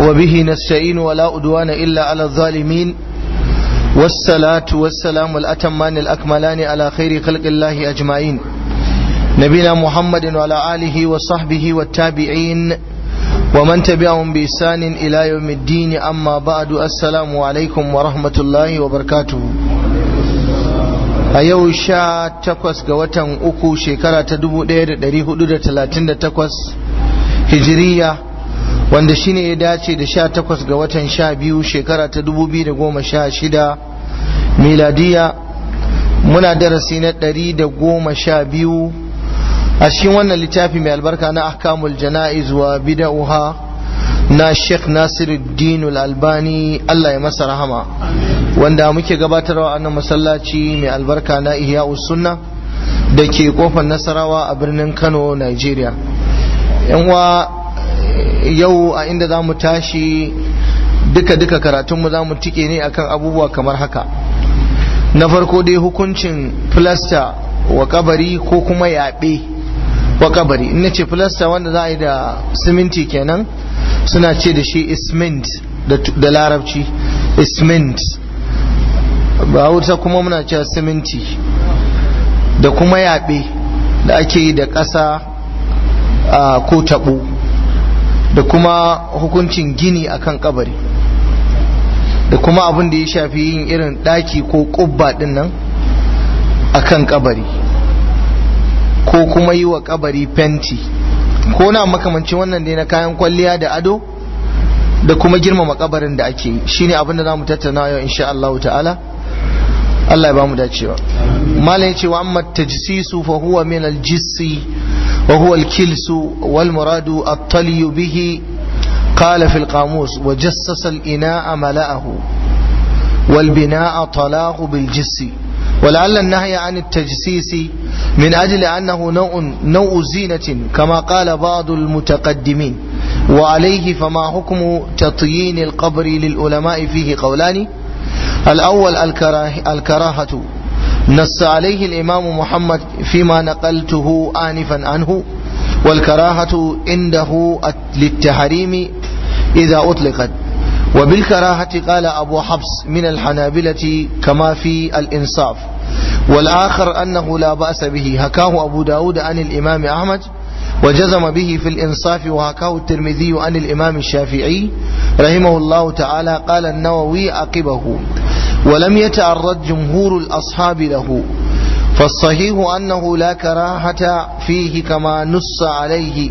وبه نستعين ولا أدوان إلا على الظالمين والصلاة والسلام الأتمان الأكملان على خير خلق الله أجمعين نبينا محمد وعلى آله وصحبه والتابعين ومن تبعهم بإحسان إلى يوم الدين أما بعد السلام عليكم ورحمة الله وبركاته a yau sha takwas ga watan uku shekara ta 1438 hijiriya wanda shine ya dace da sha takwas ga watan sha shekara ta dubu biyu sha shida miladiya muna darasi na ɗari da goma sha a cikin wannan littafi mai albarka na ahkamul jana'iz wa bida'uha na sheikh nasiruddin albani allah ya masa rahama wanda muke gabatarwa a nan masallaci mai albarka na ihya sunna da ke kofar nasarawa a birnin kano nigeria yan yau a inda za mu tashi duka-duka karatunmu za mu tike ne akan abubuwa kamar haka na farko dai hukuncin plaster wa kabari ko kuma yaɓe wa kabari in na ce filasta wanda za a yi da siminti kenan suna ce da shi ismint da larabci ismint ba wuta kuma muna cewa siminti da kuma yaɓe da ake yi da ƙasa ko taɓo da kuma hukuncin gini akan kabari da kuma abin da ya shafi yin irin daki ko kubba din nan akan kabari ko kuma yi wa kabari fenti ko na makamancin wannan ne na kayan kwalliya da ado da kuma girmama kabarin da ake yi shine abin da zamu tattauna yau insha Allah ta'ala Allah ya ba mu dacewa malam yace amma tajsisu fa huwa min al وهو الكلس والمراد الطلي به قال في القاموس وجسس الإناء ملأه والبناء طلاه بالجس ولعل النهي عن التجسيس من أجل أنه نوع, نوع زينة كما قال بعض المتقدمين وعليه فما حكم تطيين القبر للعلماء فيه قولان الأول الكراهة نص عليه الإمام محمد فيما نقلته آنفا عنه والكراهة عنده للتحريم إذا أطلقت وبالكراهة قال أبو حفص من الحنابلة كما في الإنصاف والآخر أنه لا بأس به هكاه أبو داود عن الإمام أحمد وجزم به في الإنصاف وهكاه الترمذي عن الإمام الشافعي رحمه الله تعالى قال النووي عقبه ولم يتعرض جمهور الأصحاب له فالصحيح أنه لا كراهة فيه كما نص عليه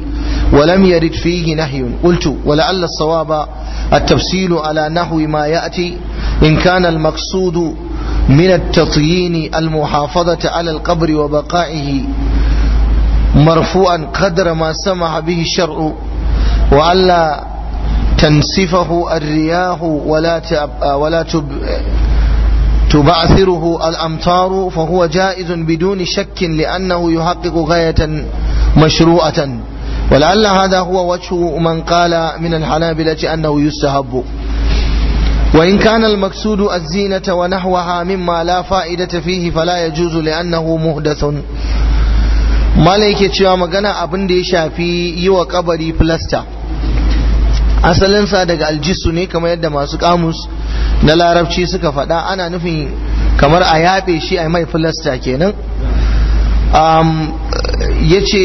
ولم يرد فيه نهي قلت ولعل الصواب التفصيل على نحو ما يأتي إن كان المقصود من التطيين المحافظة على القبر وبقائه مرفوعا قدر ما سمح به الشرع وألا تنسفه الرياح ولا تب ولا تب تبعثره الأمطار فهو جائز بدون شك لأنه يحقق غاية مشروعة ولعل هذا هو وجه من قال من الحنابلة أنه يستهب وإن كان المقصود الزينة ونحوها مما لا فائدة فيه فلا يجوز لأنه مهدث ما لك cewa magana abin da ya shafi yi wa kabari plaster asalinsa daga aljisu ne kamar yadda masu kamus na larabci suka faɗa ana nufin kamar a yaɓe shi a mai filasta kenan ya ce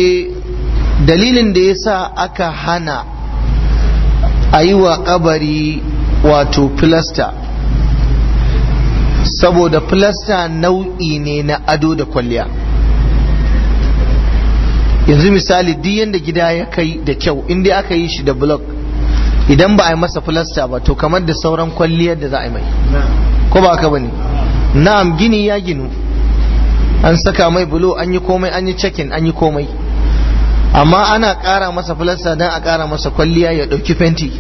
dalilin da ya sa aka hana a yi wa ƙabari wato filasta saboda filasta nau'i ne na ado da kwalliya yanzu misali duk yadda gida ya kai da kyau inda aka yi shi da block idan ba a yi masa filasta ba to kamar da sauran kwalliyar da za a yi mai ko ba ka bane na'am gini ya ginu an saka mai bulo an yi komai an yi cekin an yi komai amma ana ƙara masa filasta don a ƙara masa kwalliya ya ɗauki fenti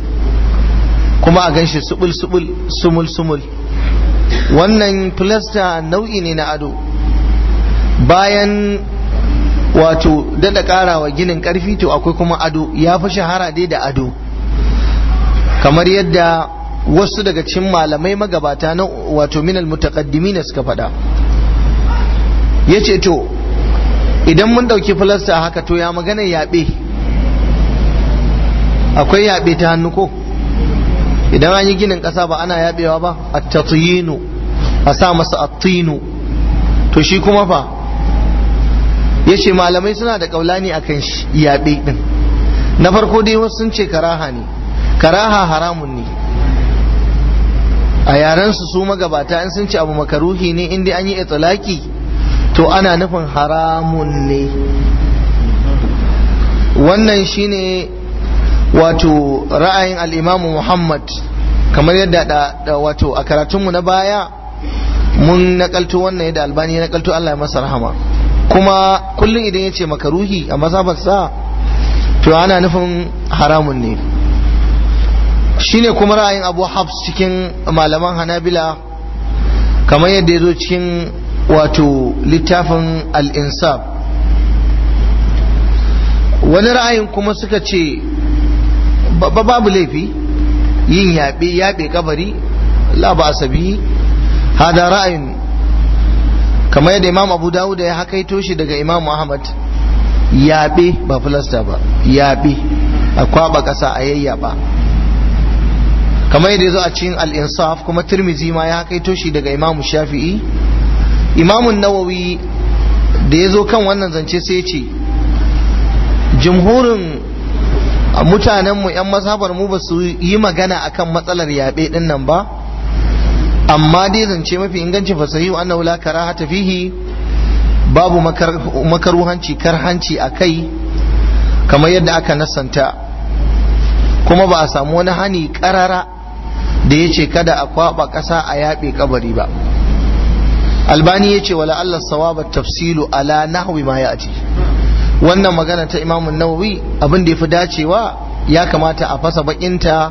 kuma a ganshi subul subul sumul sumul wannan filasta nau'i ne na ado bayan wato dada ƙara ginin ƙarfi to akwai kuma ado ya fi shahara dai da ado kamar yadda wasu daga cikin malamai magabata na wato minal na suka faɗa yace to idan mun dauki filasta haka to ya magana yaɓe akwai yaɓe ta hannu ko idan an yi ginin ƙasa ba ana yaɓewa ba a a sa masa attinu to shi kuma fa ya malamai suna da ƙaulani akan kan yaɓe na farko dai wasu sun ce karaha ne karaha haramun ne a yarensu su magabata in sun ci abu makaruhi ne inda an yi itilaki to ana nufin haramun ne wannan shine wato ra'ayin al'imamu muhammad kamar yadda da wato a karatunmu na baya mun nakalto wannan yadda albani ya nakalto allah ya masa rahama kuma kullum idan ya ce makaruhi a mazabarsa to ana nufin haramun ne shine kuma ra'ayin abu hafs cikin malaman hanabila kamar yadda ya zo cikin wato littafin al'insaf wani ra'ayin kuma suka ce babu laifi yin yaɓe yaɓe kabari la hada ra'ayin kamar yadda imam abu dawud ya hakaito shi daga imam ahmad yaɓe ba filasta ba yaɓe a kwaba ƙasa a ba. kamar yadda zo a cikin al kuma turmizi ma ya kai toshi daga imam shafi'i Imamun nawawi da ya zo kan wannan zance sai ya ce jumhurin mutanenmu 'yan mazhabar mu ba su yi magana akan matsalar yaɓe ɗin nan ba amma dai zance mafi ingancin inganci wa annahu la karahata fihi babu makaruhanci karhanci a kai kamar yadda aka nasanta kuma ba a samu wani hani karara da ya ce kada a kwaba ƙasa a yaɓe kabari ba albani ya ce wala Allah sawaba tafsilu ala nahwi ma ya wannan magana ta imamun nawawi abin da ya fi dacewa ya kamata a fasa bakinta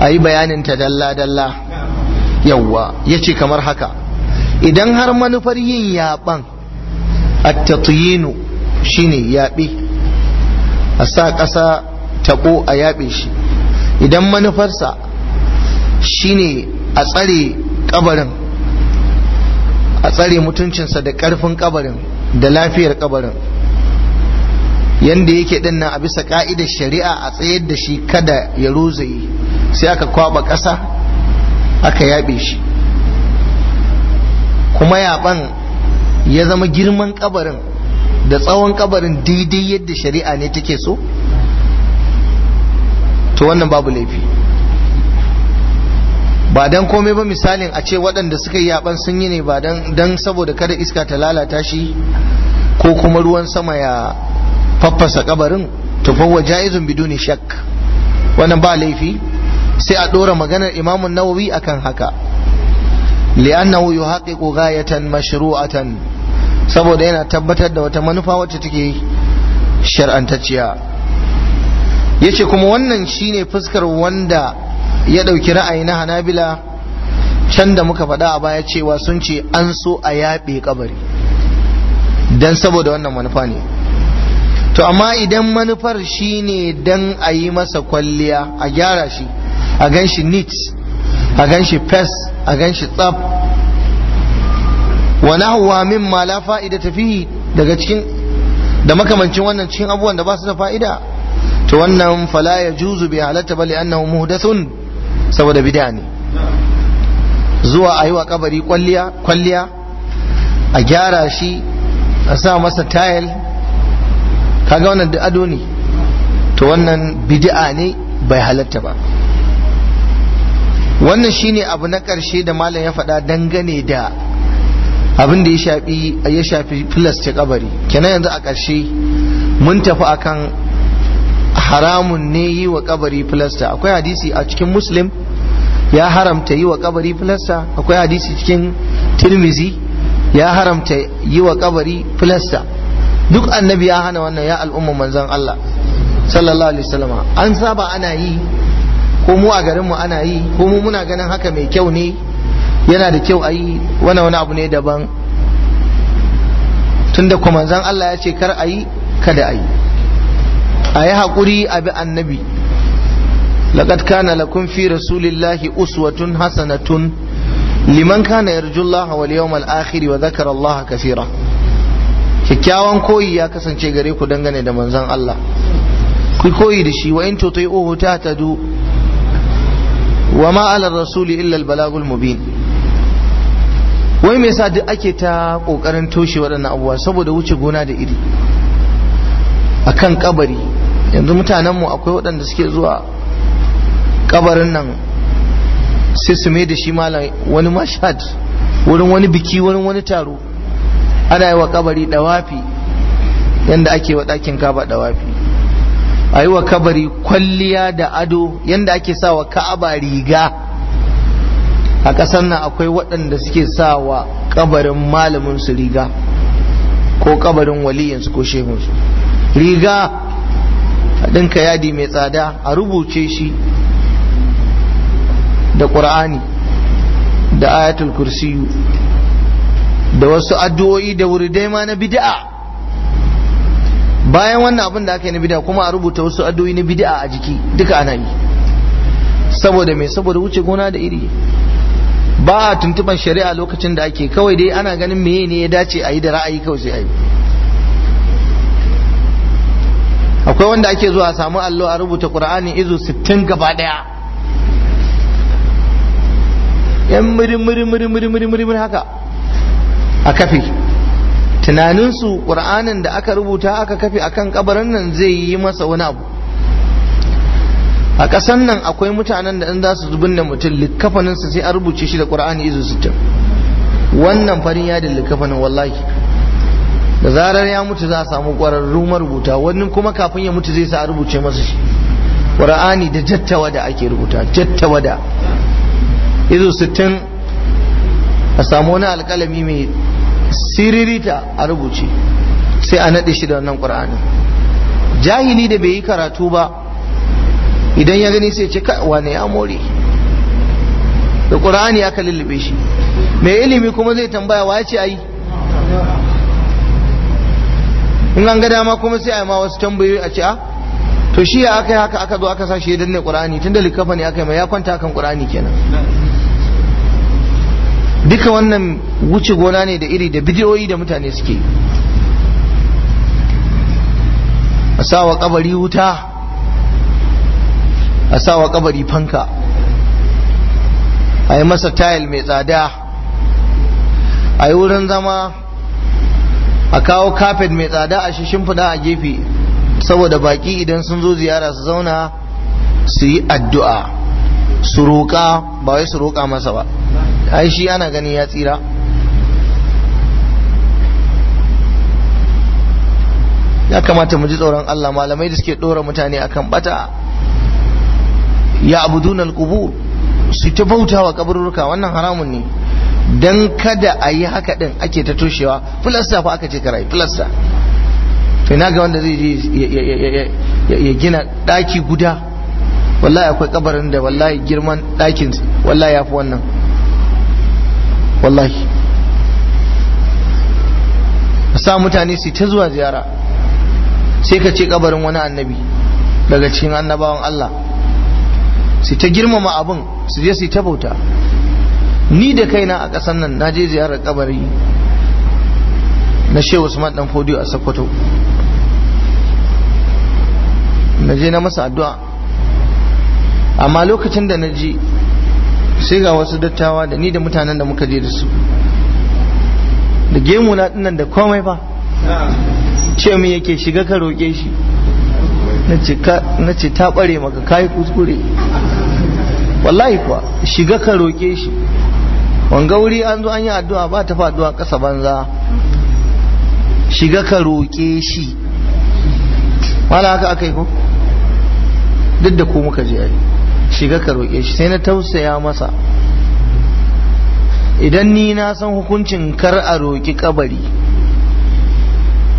a yi ta dalla-dalla yawwa ya ce kamar haka idan har manufar yin yaɓan attatuyinu shine yaɓe a sa ƙasa taɓo a yaɓe shi idan manufarsa shine a tsare kabarin a tsare mutuncinsa da karfin kabarin da lafiyar kabarin yanda yake din nan a bisa ka'idar shari'a a tsayar da shi kada ya ruzayi sai aka kwaba ƙasa aka yaɓe shi kuma yaban ya zama girman kabarin da tsawon kabarin daidai yadda shari'a ne take so to wannan babu laifi ba dan komai ba misalin a ce waɗanda suka yi yaban sun yi ne ba dan saboda kada iska ta lalata shi ko kuma ruwan sama ya faffasa kabarin to fa wa jaizun biduni shak wannan ba laifi sai a dora maganar imamun Nawawi akan haka li'annahu yuhaqiqu ghayatan mashru'atan saboda yana tabbatar da wata manufa wacce take shar'antacciya yace kuma wannan shine fuskar wanda ya ɗauki ra'ayi na hanabila can da muka faɗa a baya cewa sun ce an so a yaɓe kabari don saboda wannan manufa ne to amma idan manufar shi ne don a yi masa kwalliya a gyara shi a gan shi neat a gan shi fes a gan shi tsab wani hawa min ma la fa'ida fi daga cikin da makamancin wannan cikin abubuwan da ba su da fa'ida to wannan fala ya juzu bi halatta bali annahu muhdathun saboda bid'a ne zuwa a yi wa kabari kwalliya a gyara shi a sa masa tayil kaga wannan da ado ne to wannan bid'a ne bai halatta ba wannan shine abu na karshe da malam ya faɗa dangane da abin da ya shafi filasce kabari kenan yanzu a karshe mun tafi akan haramun ne yi wa kabari filasta akwai hadisi a cikin muslim ya haramta yi wa kabari filasta akwai hadisi cikin tirmizi ya haramta yi wa kabari filasta duk annabi ya hana wannan ya al'umma manzan Allah sallallahu alaihi wasallam an saba ana yi ko mu a garinmu ana yi ko mu muna ganin haka mai kyau ne yana da kyau a yi wani wani abu ne daban tunda kuma manzan Allah ya ce kar a yi kada a yi a yi haƙuri a bi annabi laqad kana lakum fi rasulillahi uswatun hasanatun liman kana yarjullaha wal yawmal akhir wa dhakara Allah kaseera kyakkyawan koyi ya kasance gare ku dangane da manzon Allah ku koyi da shi wa in tuti'uhu tahtadu wa ma ala rasuli illa al balagul mubin wai me yasa duk ake ta kokarin toshe waɗannan abubuwa saboda wuce gona da iri akan kabari yanzu mutanenmu akwai waɗanda suke zuwa kabarin nan sai su mai da shi malam wani mashad wurin wani biki wurin wani taro ana yi wa kabari dawafi yanda ake wa ɗakin kaba dawafi a yi wa kabari kwalliya da ado yanda ake sa wa ka'aba riga a ƙasar nan akwai waɗanda suke sa wa kabarin malamin su riga ko kabarin waliyinsu ko shehunsu riga ɗinka yadi mai tsada a rubuce shi da qur'ani da ayatul kursiyu da wasu addu'o'i da wuridai ma na bid'a bayan wannan abin da aka yi na bid'a kuma a rubuta wasu addu'o'i na bid'a a jiki duka ana yi saboda mai saboda wuce gona da iri ba a tuntuban shari'a lokacin da ake kawai dai ana ganin meye ne ya dace a yi da ra'ayi kawai sai a yi akwai wanda ake zuwa a samu allo a rubuta qur'ani izu 60 gaba daya yan muri haka a kafi tunaninsu qur'anin da aka rubuta aka kafi akan ƙabarin nan zai yi masa wani abu a ƙasan nan akwai mutanen da in za su zubin da mutum likkafaninsa sai a rubuce shi da qur'ani izu 60 wannan farin yadin likkafanin wallahi da zarar ya mutu za a samu ƙwararru marubuta wani kuma kafin ya mutu zai sa a rubuce masa shi ƙur'ani da da ake rubuta da izo sittin a samu wani alƙalami mai siririta a rubuce sai a naɗe shi da wannan ƙur'ani jahili da bai yi karatu ba idan ya gani sai ce wane ya more da ƙur'ani aka lullube shi mai ilimi kuma zai tambaya wace ce in an ga dama kuma sai a yi ma wasu tambayoyi a ci a ah, to shi ya aka yi haka aka zo aka sa shi ya danne qur'ani tun da likafa ne aka yi mai ya kwanta kan qur'ani kenan duka wannan wuce gona ne da iri da bidiyoyi da mutane suke a sa wa kabari wuta a sa wa kabari fanka a yi masa tayil mai tsada a yi wurin zama a kawo kafet mai tsada a shi shimfiɗa a gefe saboda baki idan sun zo ziyara su zauna su yi addu'a su roƙa ba wai su roƙa masa ba ai shi ana gani ya tsira ya kamata mu ji tsoron Allah malamai da suke ɗora mutane akan bata ya abudun alqubur su ta bauta wa kaburruka wannan haramun ne don kada a yi haka din ake ta toshewa filasta fa aka ce karai filasta to ga wanda zai je ya gina ɗaki guda wallahi akwai kabarin da wallahi girman ɗakin wallahi ya fi wannan wallahi sa mutane su ta zuwa ziyara sai ka ce kabarin wani annabi daga cikin annabawan Allah su ta girmama abin su je su ta bauta ni da kaina a ƙasar nan na je ziyarar kabari na shehu usman dan fodiyo a sokoto na je na masa addu'a amma lokacin da na ji sai ga wasu dattawa da ni da mutanen da muka je da su da gemu na dinnan da komai ba ce mu yake shiga ka roƙe shi na ce ta ɓare maka kayi kuskure wallahi kuwa shiga ka roƙe shi wanga wuri an zo an yi addu'a ba ta faduwa ƙasa banza shiga ka roƙe shi wala haka aka yi ko duk da ku muka je ai shiga ka roƙe shi sai na tausaya masa idan ni na san hukuncin kar a roƙi kabari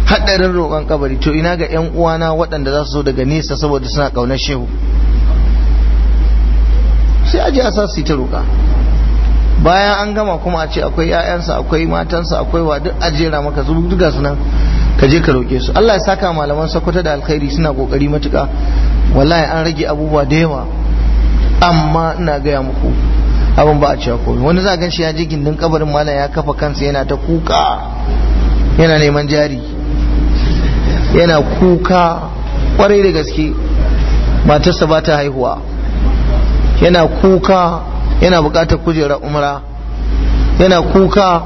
haɗarin roƙon kabari to ina ga 'yan uwana waɗanda za su zo daga nesa saboda suna ƙaunar shehu sai aji a sa su ta roƙa bayan an gama kuma a ce akwai 'ya'yansa akwai matansa akwai wa duk ajera maka su duk gasu nan ka je ka roƙe su Allah ya saka malaman sakwata da alkhairi suna kokari matuƙa wallahi an rage abubuwa da yawa amma ina gaya muku abin ba a cewa komai wani za a shi ya je gindin kabarin malam ya kafa kansa yana ta kuka yana neman jari yana kuka kwarai da gaske matarsa ba ta haihuwa yana kuka yana bukatar kujerar umra yana kuka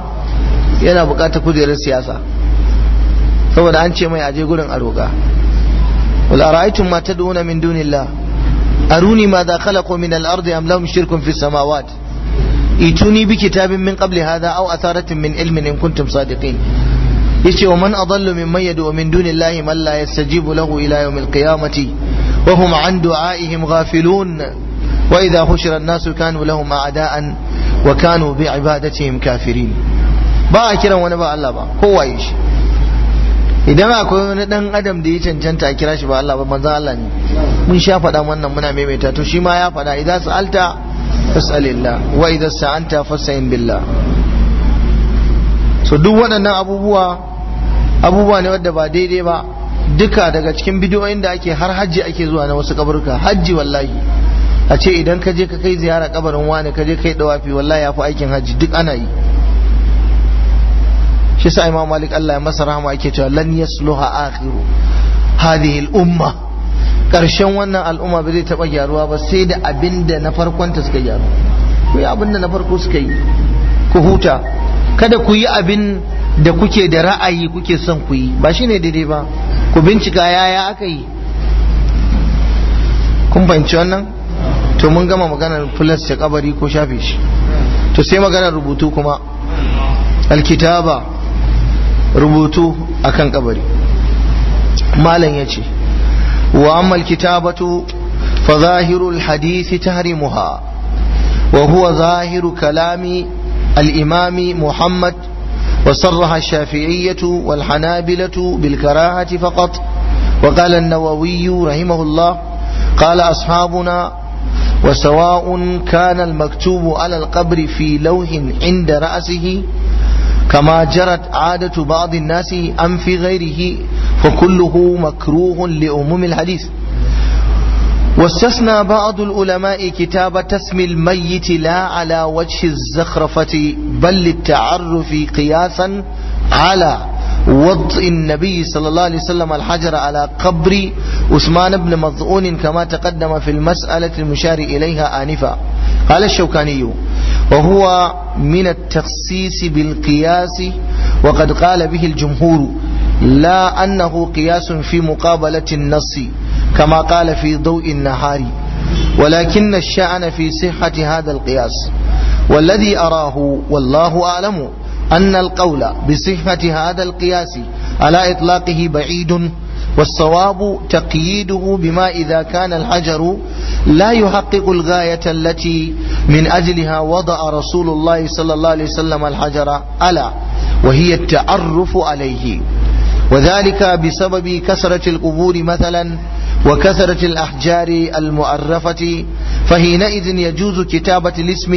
yana bukatar kujerar siyasa saboda an ce mai aje gurin a roƙa ma tad'una min dunillah aruni ma za khalaqu min al-ardi am lahum shirkun fi samawat ituni bi kitabin min qabli hadha aw atharatin min ilmin in kuntum sadiqin yace wa man adallu mimman yad'u min dunillahi man la yastajibu lahu ila yawm al-qiyamati wa hum an du'aihim ghafilun وإذا حشر الناس كانوا لهم أعداء وكانوا بعبادتهم كافرين ba a kiran wani ba Allah ba kowa yi shi idan akwai wani dan adam da ya cancanta a kira shi ba Allah ba manzo Allah ne mun sha faɗa wannan muna maimaita to shi ma ya faɗa idan sa'alta fas'alillah wa idan sa'anta fas'in billah so duk waɗannan abubuwa abubuwa ne wadda ba daidai ba duka daga cikin bidiyoyin da ake har hajji ake zuwa na wasu kaburka hajji wallahi a ce idan ka je ka kai ziyara kabarin wani ka je kai dawafi wallahi ya fi aikin hajji duk ana yi shi sa imam malik Allah ya masa rahama ake cewa lan yasluha akhiru hadhihi al umma karshen wannan al'umma ba zai taba gyaruwa ba sai da abinda na farkon ta suka gyaru ku yi abinda na farko suka yi ku huta kada ku yi abin da kuke da ra'ayi kuke son ku yi ba shine daidai ba ku bincika yaya aka yi kun fahimci wannan to mun gama magana plus ya kabari ko shafe shi to sai maganar rubutu kuma alkitaba rubutu a kan kabari malam ya ce wa amma alkitabatu fa zahiru alhadisi tahrimuha wa huwa zahiru kalami al’imami muhammad wa sarraha shafi’iyyatu wal hanabilatu bil karahati faqat wa qala an-nawawi rahimahullah qala ashabuna وسواء كان المكتوب على القبر في لوح عند رأسه كما جرت عادة بعض الناس أم في غيره فكله مكروه لأموم الحديث واستثنى بعض العلماء كتاب تسمي الميت لا على وجه الزخرفة بل للتعرف قياسا على وضع النبي صلى الله عليه وسلم الحجر على قبر عثمان بن مضعون كما تقدم في المسألة المشار إليها آنفا قال الشوكاني وهو من التخصيص بالقياس وقد قال به الجمهور لا أنه قياس في مقابلة النص كما قال في ضوء النهار ولكن الشأن في صحة هذا القياس والذي أراه والله أعلم أن القول بصفة هذا القياس على إطلاقه بعيد والصواب تقييده بما إذا كان الحجر لا يحقق الغاية التي من أجلها وضع رسول الله صلى الله عليه وسلم الحجر ألا وهي التعرف عليه وذلك بسبب كثرة القبور مثلا وكثرة الأحجار المؤرفة فحينئذ يجوز كتابة الاسم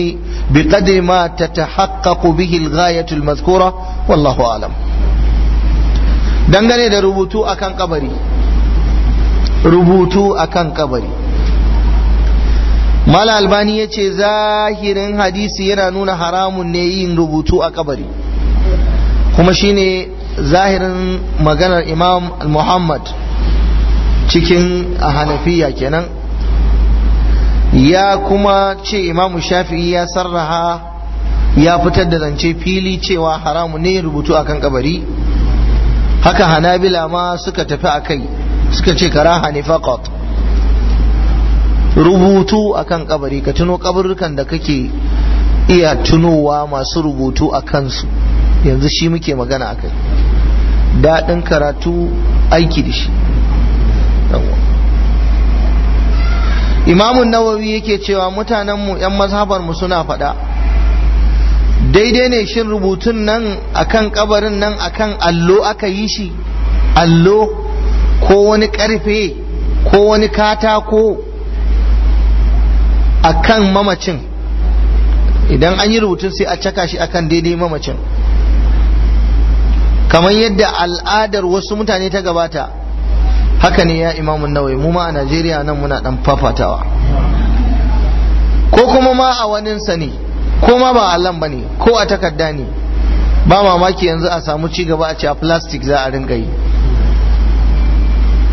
بقدر ما تتحقق به الغاية المذكورة والله أعلم dangane da rubutu akan kabari rubutu akan kabari malam albani ya ce zahirin hadisi yana nuna haramun ne yin rubutu a kabari kuma shine zahirin maganar imam muhammad cikin a hanafiya kenan ya kuma ce imam shafi'i ya sarraha ya fitar da zance fili cewa haramu ne rubutu akan kabari haka hanabila ma suka tafi a kai suka ce kara ne faqat rubutu akan kabari ka tuno kaburukan da kake iya tunowa masu rubutu a kansu yanzu shi muke magana a kai daɗin karatu aiki da shi imamun nawawi yake cewa mutanen mu 'yan mu suna faɗa daidai ne shin rubutun nan akan kabarin nan akan allo aka yi shi allo ko wani karfe ko wani katako akan mamacin idan an yi rubutun sai a caka shi akan daidai mamacin kamar yadda al'adar wasu mutane ta gabata haka ne ya imamun nawai mu ma a najeriya nan muna dan fafatawa ko kuma ma a wani ne ko ma ba allan ba ne ko a takarda ne ba mamaki yanzu a samu ci gaba a ce a plastic za a ringa yi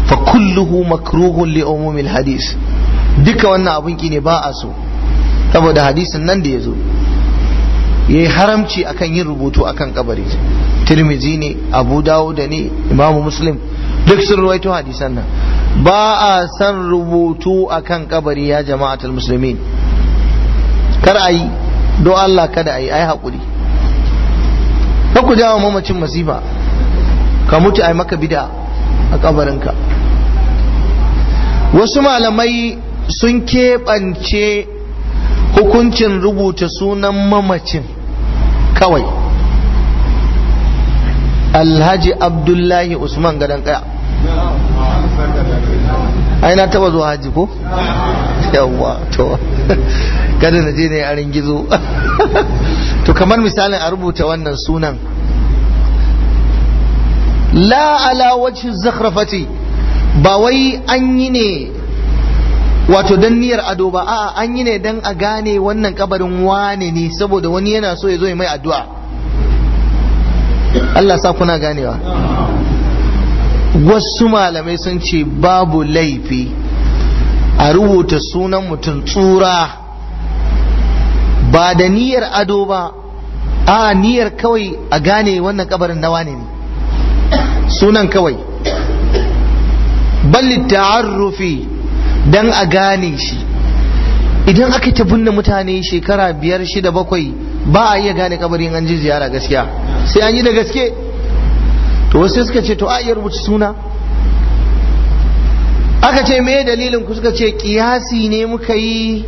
fa kulluhu makruhun li umumil hadis duka wannan abun ki ne ba a so saboda hadisin nan da ya zo ya yi haramci akan yin rubutu akan kabari tirmizi ne abu da ne imamu muslim duk sun ruwaito hadisan nan ba a san rubutu akan kabari ya jama'a jama'atul muslimin kar a yi do Allah kada a yi ai haƙuri ka ku jawo mamacin masifa ka mutu yi maka bida a kabarinka wasu malamai sun keɓance hukuncin rubuta sunan mamacin kawai alhaji abdullahi usman gadon kaya ai taba zuwa haji ko yawwa to kada na je ne a ringizo to kamar misalin a rubuta wannan sunan La'ala wacce wajhi ba wai an yi ne wato dan niyar ado ba a'a an yi ne dan a gane wannan kabarin wane ne saboda wani yana so ya zo ya mai addu'a Allah sa kuna ganewa wasu malamai sun ce babu laifi a rubuta sunan mutum tsura ba da niyar ado ba a niyyar kawai a gane wannan kabarin na wane ne sunan kawai bal ta'arrufi dan a gane shi idan aka ta binne mutane shekara biyar shida bakwai ba a iya gane kabarin an ji ziyara gaskiya sai an yi da gaske to wasu suka ce to a iya rubuta suna aka ce me dalilin ku suka ce kiyasi ne muka yi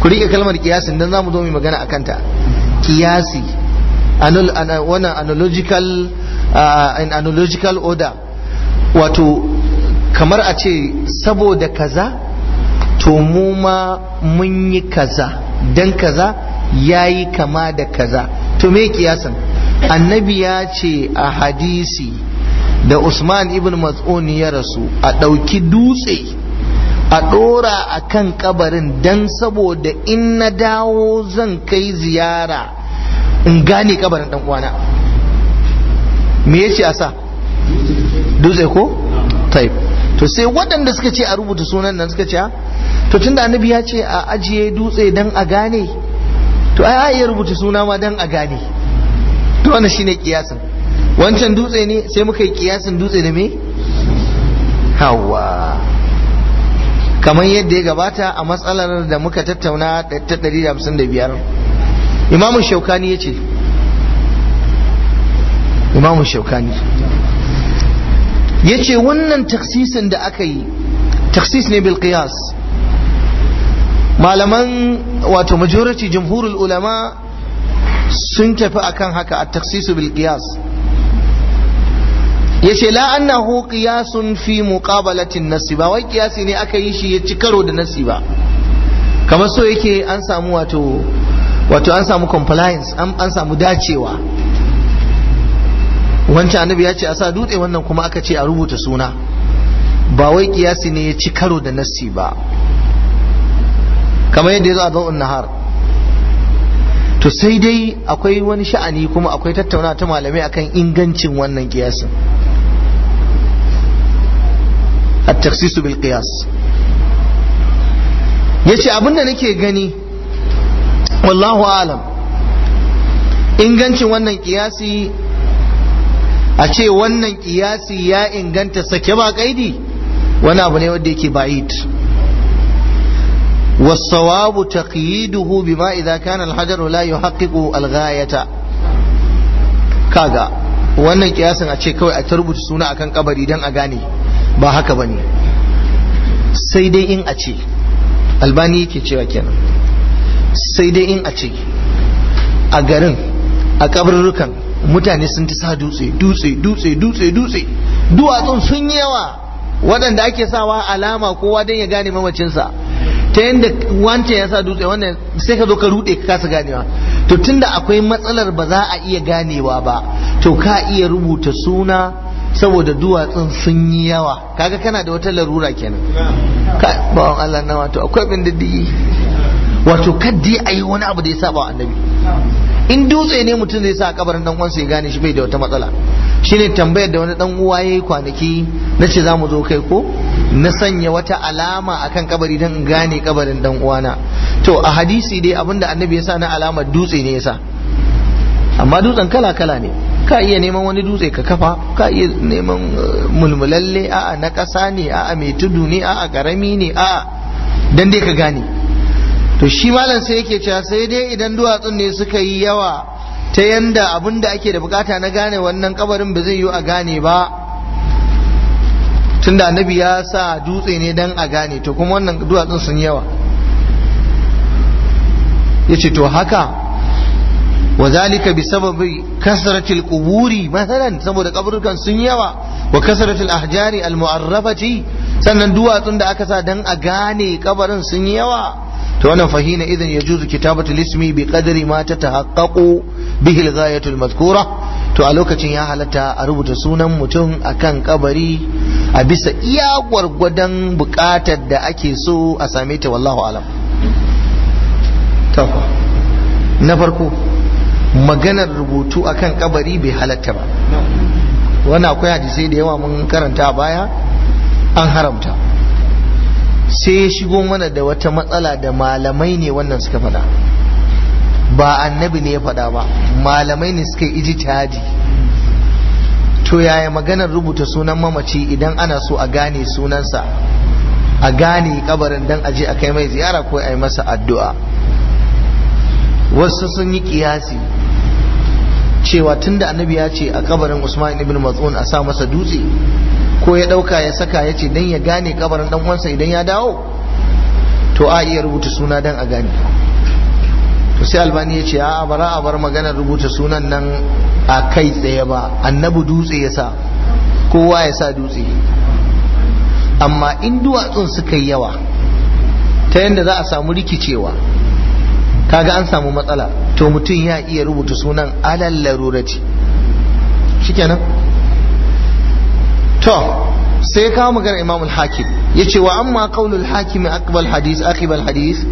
ku rike kalmar kiyasin dan zamu zo mu magana a kanta kiyasi wannan analogical in ah, analogical order wato kamar a ce saboda kaza to mu ma mun yi kaza dan kaza yayi kama da kaza to me kiyasan annabi ya ce a hadisi da usman ibn mas'uni ya rasu a ɗauki dutse a ɗora a kan kabarin don saboda in na dawo zan kai ziyara in gane kabarin ɗan uwana me ya ce a dutse ko? type to sai waɗanda suka ce a rubuta sunan nan suka ce ah, to da annabi ya ce a ajiye dutse dan a gane to ai iya rubuta suna ma dan a gane to wannan shine kiyasin wancan dutse ne sai muka yi kiyasin dutse da me hawa kamar yadda ya gabata a matsalar da muka tattauna ta 155 imamu shaukani ya ce imamu shaukani ya ce wannan taksisin da aka yi taksis ne bil qiyas malaman wato majority jumhurul ulama sun tafi akan haka a taksisu bil qiyas yace la annahu qiyasun fi muqabalatin nasi ba wai qiyasi ne aka yi shi ya ci karo da nasi ba kamar so yake an samu wato wato an samu compliance an samu dacewa wancan annabi ya ce a sa dutse wannan kuma aka ce a rubuta suna ba wai ƙiyasi ne ya ci karo da nasi ba kamar yadda ya zo a zau'un nahar to sai dai akwai wani sha'ani kuma akwai tattauna ta malamai akan ingancin wannan kiyasin bil kiyas yace ce abinda nake gani wallahu alam ingancin wannan kiyasi a ce wannan kiyasi ya inganta sake ba kaidi wani abu ne wanda yake ba'id والصواب تقييده بما إذا كان الحجر لا يحقق الغاية كاغا wannan kiyasin a ce kawai a ta rubuta suna akan kabari don a gane ba haka ba ne. sai dai in a ce albani yake cewa kenan sai dai in a ce a garin a kabarurrukan mutane sun ta sa dutse dutse dutse dutse dutse duwatsun sun yawa waɗanda ake sawa alama kowa don ya gane mamacinsa ta yadda wancan ya sa dutse wannan sai ka zo ka rude ka kasa ganewa to tunda akwai matsalar ba za a iya ganewa ba to ka iya rubuta suna saboda duwatsun sun yi yawa kaga kana da wata larura kenan ka bawan Allah na wato akwai bin dai wato kaddi ayi wani abu da ya saba annabi in dutse ne mutum zai sa kabarin dan uwansa ya gane shi bai da wata matsala shine tambayar da wani dan uwa yayi kwanaki nace zamu zo kai ko na sanya wata alama akan kabari dan in gane kabarin dan uwana to a hadisi dai abinda annabi ya sa na alamar dutse ne ya amma dutsen kala kala ne ka iya neman wani dutse ka kafa ka iya neman eh, mulmulalle a'a na ƙasa ne a'a mai tudu ne a'a karami ne a'a dan dai ka gane to shi malam sai yake cewa sai dai idan duwatsun ne suka yi yawa ta yanda abin da ake da bukata na gane wannan kabarin ba zai yi a gane ba tunda annabi ya sa dutse ne dan a gane to kuma wannan duwatsun sun yawa yace to haka wa zalika bi sababi kasratil quburi masalan saboda kaburukan sun yawa wa kasratil ahjari al mu'arrafati sannan duwatsun da aka sa dan a gane kabarin sun yawa to wannan fahina idan ya juzu kitabatul ismi bi qadri ma tatahaqqaqu bihi al-ghayatul madhkura to a lokacin ya halatta a rubuta sunan mutum akan kabari a bisa iya gwargwadon bukatar da ake so a same ta wallahu alam na farko maganar rubutu akan kabari bai halatta ba Wani akwai hadisai da yawa mun karanta baya an haramta sai ya shigo mana da wata matsala da malamai ne wannan suka faɗa ba annabi ne ya faɗa ba malamai ne suka yi ijtihadi to yaya maganar rubuta sunan mamaci idan ana so a gane sunansa a gane kabarin dan aje a kai mai ziyara ko a yi masa addu'a wasu sun yi kiyasi cewa tunda annabi ya ce a kabarin Usman ibn Maz'un a sa masa dutse ko ya ɗauka ya saka ya ce dan ya gane kabarin dan uwansa idan ya dawo to a iya rubuta suna dan a gane to sai albani ya ce a bara a bar maganar rubuta sunan nan a kai tsaye ba annabi dutse ya sa kowa ya sa dutse amma in duwatsun suka yi yawa ta yadda za a samu rikicewa kaga an samu matsala to mutum ya iya rubuta sunan alal larurati shikenan to sai kawo maganar imamul hakim ya ce wa amma qaulul hakim aqbal hadis aqbal hadis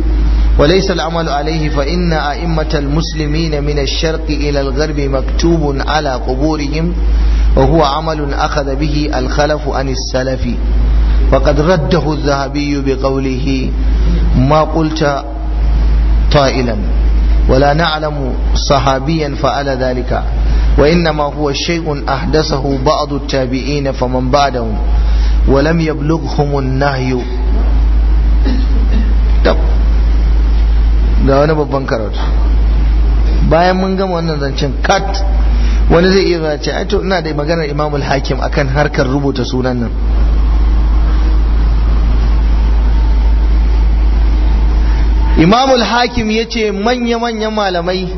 وليس العمل عليه فإن أئمة المسلمين من الشرق إلى الغرب مكتوب على قبورهم وهو عمل أخذ به الخلف عن السلف وقد رده الذهبي بقوله ما قلت طائلا ولا نعلم صحابيا فعل ذلك وإنما هو شيء أحدثه بعض التابعين فمن بعدهم ولم يبلغهم النهي طب da wani babban karatu bayan mun gama wannan zancen kat wani zai iya zuwa ce to ina da maganar imamul hakim akan harkar rubuta sunan nan imamul hakim ya ce manya-manyan malamai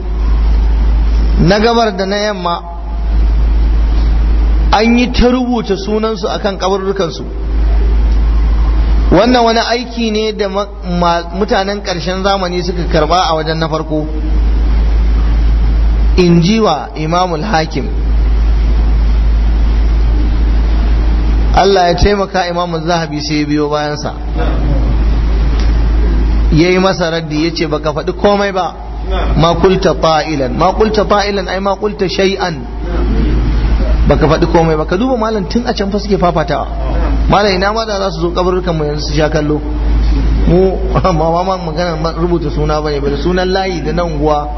na gabar da na yamma an yi ta rubuta sunansu a kan kabarurkansu wannan wani aiki ne da mutanen ƙarshen zamani suka karba a wajen na farko in wa imamul hakim Allah ya taimaka imamun zahabi sai ya biyo bayansa ya yi masa raddi ya ce baka faɗi komai ba ma fa'ilan ma fa'ilan ai ma shai'an. shay'an baka faɗi komai baka duba malam tun a can fa suke fafatawa malam ina ma da za su zo kabarukan mu yanzu su sha kallo mu ma ma magana rubuta suna bane bane sunan layi da nan guwa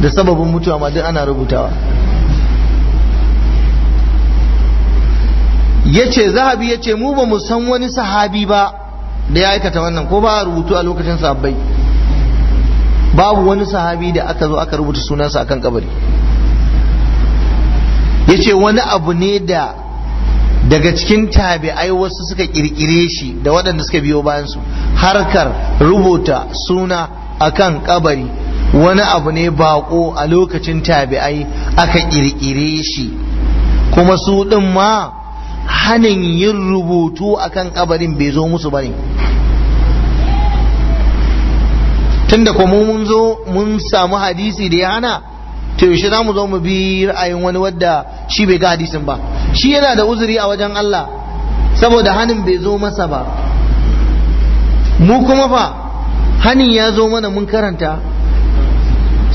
da sababin mutuwa ma duk ana rubutawa yace zahabi yace mu ba mu san wani sahabi ba da ya aikata wannan ko ba rubutu a lokacin sahabbai babu wani sahabi da aka zo aka rubuta sunansa akan kabari yace wani abu ne da daga cikin tabi'ai wasu suka kirkire shi da waɗanda suka biyo bayansu. harkar rubuta suna akan kabari wani abu ne bako a lokacin tabi'ai aka kirkire shi kuma su ɗin ma hanin yin rubutu akan kabarin bai zo musu bane tunda mu mun zo mun samu hadisi da ya hana to yaushe za mu zo mu bi ra'ayin wani wadda shi bai ga hadisin ba shi yana da uzuri a wajen Allah saboda hanin bai zo masa ba mu kuma fa hanin ya zo mana mun karanta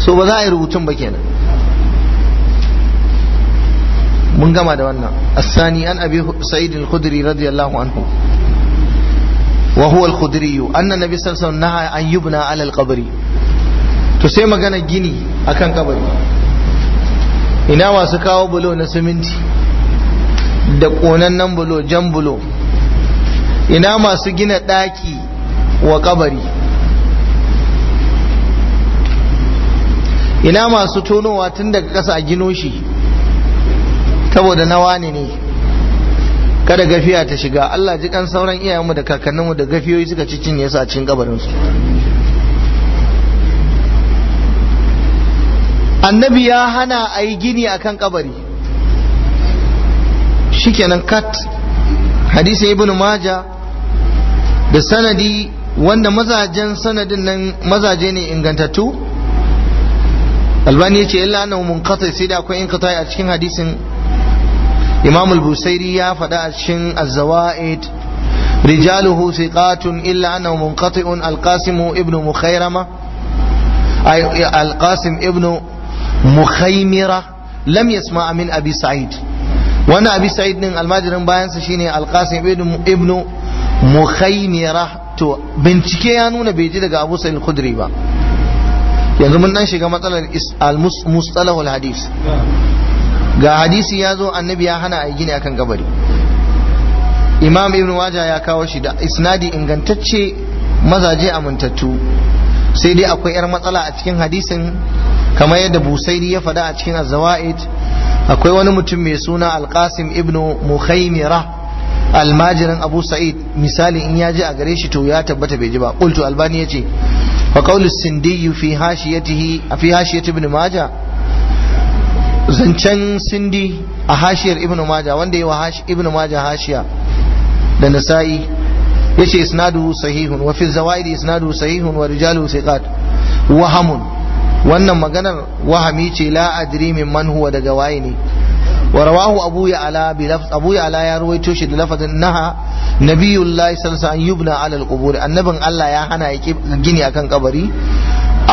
so ba za a yi rubutun ba kenan mun gama da wannan asani an abi sa'id al-khudri radiyallahu anhu وهو الخدري أن النبي صلى الله عليه an نهى أن يبنى على to sai magana gini akan kabari ina masu kawo bulo na siminti da ƙonannen bulo jan bulo ina masu gina ɗaki wa kabari ina masu tonowa tun daga ƙasa a gino shi saboda na wane ne kada gafiya ta shiga Allah ji kan sauran iyayenmu da kakanninmu da gafiyoyi suka ci cinye su a cikin kabarinsu annabi ya hana a yi gini akan kabari shikenan kat hadisi ibn maja da sanadi wanda mazajen sanadin nan mazaje ne ingantattu albani ya ce illa annahu munqati sai da akwai inqita a cikin hadisin imam al-busairi ya faɗa a cikin az-zawaid rijaluhu thiqatun illa annahu munqati'un al-qasim ibn mukhayrama ay al-qasim ibn mukhaymira lam yasma min abi sa'id wannan abi sa'id din almajirin sa shine al-qasim ibn mukhaymira to bincike ya nuna bai ji daga abu sa'id al-khudri ba yanzu mun dan shiga matsalar al-mustalahul hadith ga hadisi ya zo annabi ya hana a yi gini akan gabari. imam ibn waja ya kawo shi da isnadi ingantacce mazaje amintattu sai dai akwai 'yar matsala a cikin hadisin kamar yadda busairi ya faɗa a cikin azawa'id akwai wani mutum mai suna alkasim ibn muhaimira almajirin abu sa'id misali in ya ji a gare shi to ya tabbata bai ji ba qultu albani yace wa qawlu sindiyu fi hashiyatihi fi hashiyati ibn majah zancen sindi a hashiyar ibnu maja wanda yi wa ibnu maja hashiya da nasa'i ce isnadu sahihun wa fi zawaidi isnadu sahihun wa rijaluhu thiqat wahamun wannan maganar wahami ce la adri min man daga waye ne wa rawahu abu ya ala ya ala ya ruwaito shi da lafazin naha nabiyullahi sallallahu alaihi wasallam yubna ala alqubur annabin Allah ya hana ya gini akan kabari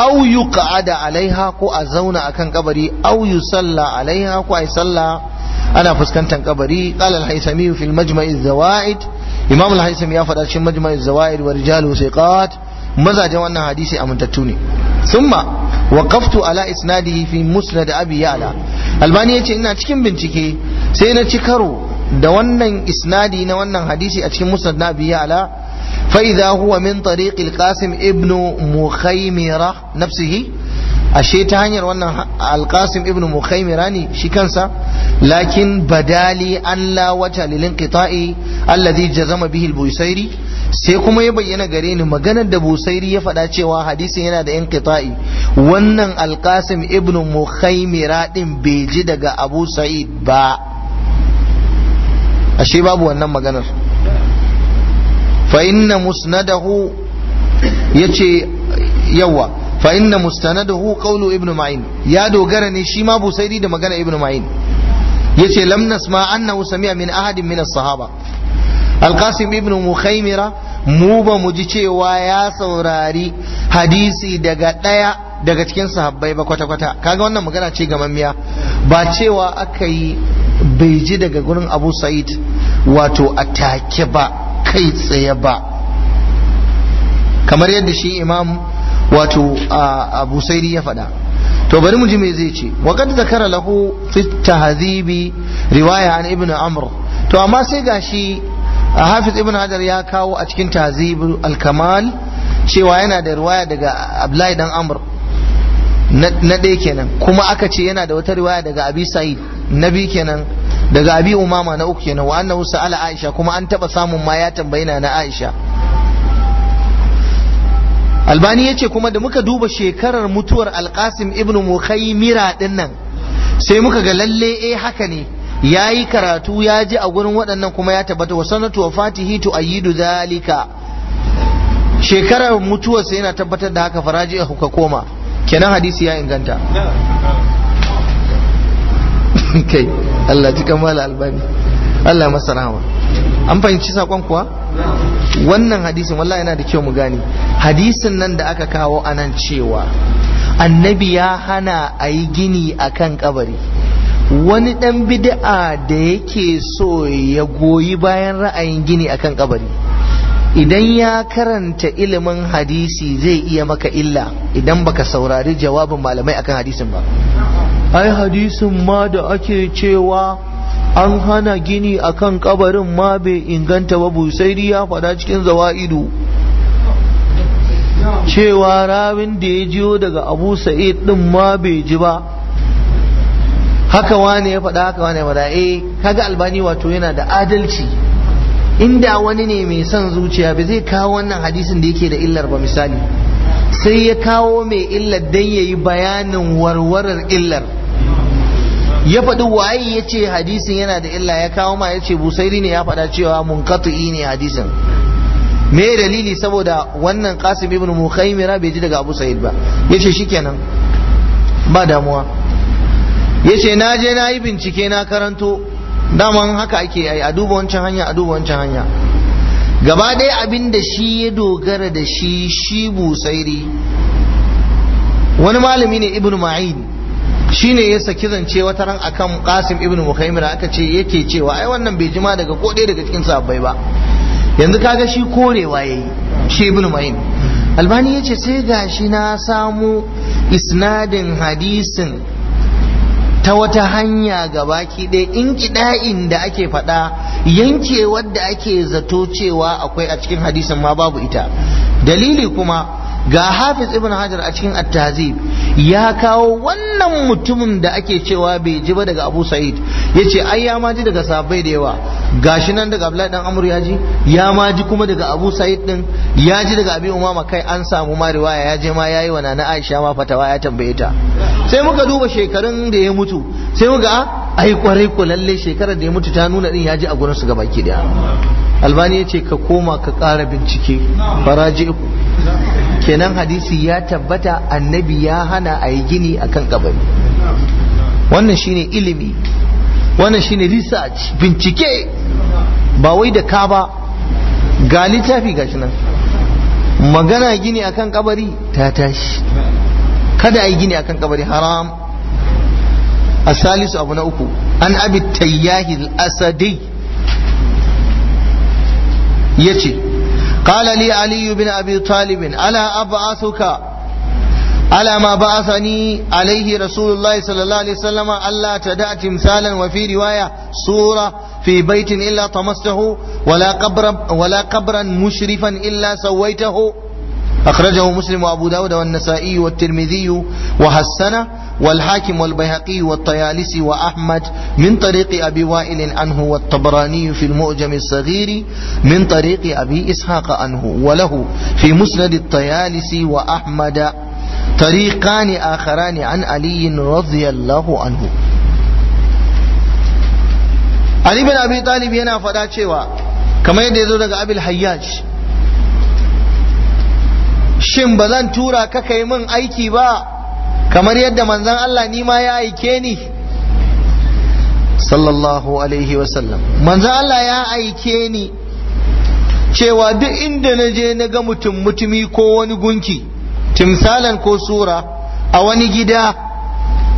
au ka'ada alaiha ko a zauna akan kabari au salla alaiha ko ai salla ana fuskantar kabari Ƙalal haisami fi al zawaid imam al-haisami ya faɗa cikin majma' az-zawaid wa rijalu siqat mazajen wannan hadisi amintattu ne thumma waqaftu ala isnadihi fi musnad abi ya'la albani yace ina cikin bincike sai na ci karo da wannan isnadi na wannan hadisi a cikin musnad na abi ya'la فإذا هو من طريق القاسم ابن مخيمرة نفسه ashe ta hanyar wannan alkasim Ibnu mukhaimira ne shi kansa lakin badali an la wata lilin jazama busairi sai kuma ya bayyana gare ni maganar da busairi ya faɗa cewa hadisin yana da inqita'i wannan alkasim Ibnu mukhaimira din bai ji daga abu sa'id ba ashe babu wannan maganar fa inna musnadahu yace yawa fa inna mustanadahu qawlu ibnu ma'in ya dogara ne shi ma busairi da magana ibnu ma'in yace lam nasma annahu sami'a min ahadin min as-sahaba al-qasim ibn mukhaymira mu ba mu ji cewa ya saurari hadisi daga daya daga cikin sahabbai ba kwata-kwata kaga wannan magana ce ga mamiya ba cewa aka yi bai ji daga gurin abu sa'id wato a take ba kai tsaye ba kamar yadda shi imam wato abu sairi ya faɗa to bari mu ji me zai ce wa qad zakara lahu fi tahdhibi riwaya an ibnu amr to amma sai gashi hafiz ibnu hajar ya kawo a cikin tahdhib al-kamal cewa yana da riwaya daga abdullahi dan amr na ɗaya kenan kuma aka ce yana da wata riwaya daga abi sa'id na biyu kenan daga abi umama na uku kenan wa annahu sa'ala aisha kuma an taba samun ma ya tambayi na aisha albani yace kuma da muka duba shekarar mutuwar alqasim ibnu mukhaymira din nan sai muka ga lalle eh haka ne yayi karatu ya ji a gurin waɗannan kuma ya tabbata wa sanatu wa fatihi tu ayidu zalika shekarar mutuwar sai yana tabbatar da haka faraji ka koma kenan hadisi ya inganta kai Allah ji mala albani Allah masa rahama an fahimci sakon kuwa wannan hadisin wallahi yana da kyau mu gani hadisin nan da aka kawo anan cewa annabi ya hana a yi gini a kan kabari wani ɗan bid'a da yake so ya goyi bayan ra'ayin gini a kan kabari idan ya karanta ilimin hadisi zai iya maka illa idan baka saurari jawabin malamai akan hadisin ba ai hadisin ma da ake cewa an hana gini akan kabarin ma bai inganta ba busairi ya fada cikin zawa'idu cewa rawin da ya jiyo daga abu sa'id din ma bai ji ba haka wane ya faɗa haka wane ya faɗa eh kaga albani wato yana da adalci inda wani ne mai son zuciya bai zai kawo wannan hadisin da yake da illar ba misali sai ya kawo mai illar dan yayi bayanin warwarar illar ya faɗi waye ya ce hadisin yana da illa ya kawo ma ya ce busairi ne ya faɗa cewa munkatu'i ne hadisin me dalili saboda wannan qasim ibn mukhaimira bai ji daga abu sa'id ba yace shikenan ba damuwa yace na je na yi bincike na karanto daman haka ake ai a duba wancan hanya a duba wancan hanya gaba ɗaya abinda shi ya dogara da shi shi busairi wani malami ne ibn ma'in Shi ne ya saki zance wata ran akan kasim ibn Mukhaimira aka ce yake cewa ai wannan bai jima daga ko daga cikin sabai ba yanzu kaga shi korewa yayi shi ibn muhaim Albani ce sai ga shi na samu isnadin hadisin ta wata hanya ga baki ɗaya in kida'in da ake faɗa yankewar da ake zato cewa akwai a cikin hadisin ma babu ita dalili kuma ga hafiz ibn hajar a cikin at ya kawo wannan mutumin da ake cewa bai ji ba daga abu sa'id yace ai ya ma ji daga Sabai da yawa gashi nan daga abdullahi dan Amur ya ji ya ma ji kuma daga abu sa'id din ya ji daga abi umama kai an samu ma riwaya ya je ma yayi wa nana aisha ma fatawa ya tambaye ta sai muka duba shekarun da ya mutu sai muka ah, ai kwarai ko lalle shekarar da ya mutu ta nuna din ya ji a gurin su gabaki ɗaya albani yace ka koma ka ƙara bincike faraji kenan hadisi ya tabbata annabi ya hana a yi gini akan kabari wannan shine ilimi wannan shine research bincike ba wai da ka ba ga littafi gashi nan magana gini akan kabari ta tashi kada a yi gini akan kabari haram a salisu abu na uku an abi tayyahi al ya ce. قال لي علي بن أبي طالب ألا أبعثك على ما بعثني عليه رسول الله صلى الله عليه وسلم ألا تدع تمثالا وفي رواية صورة في بيت إلا طمسته ولا قبرا ولا قبرا مشرفا إلا سويته أخرجه مسلم وأبو داود والنسائي والترمذي وحسنه والحاكم والبيهقي والطيالسي وأحمد من طريق أبي وائل عنه والطبراني في المؤجم الصغير من طريق أبي إسحاق عنه وله في مسند الطيالسي وأحمد طريقان آخران عن علي رضي الله عنه Ali bin Abi Talib yana faɗa cewa kamar yadda ya zo daga Abil Hayyaj shin ba zan tura ka kai min aiki ba kamar yadda manzan Allah ni ma ya aike ni sallallahu alaihi wasallam manzan Allah ya aike ni cewa duk inda na je na ga mutum mutumi ko wani gunki timsalan ko sura a wani gida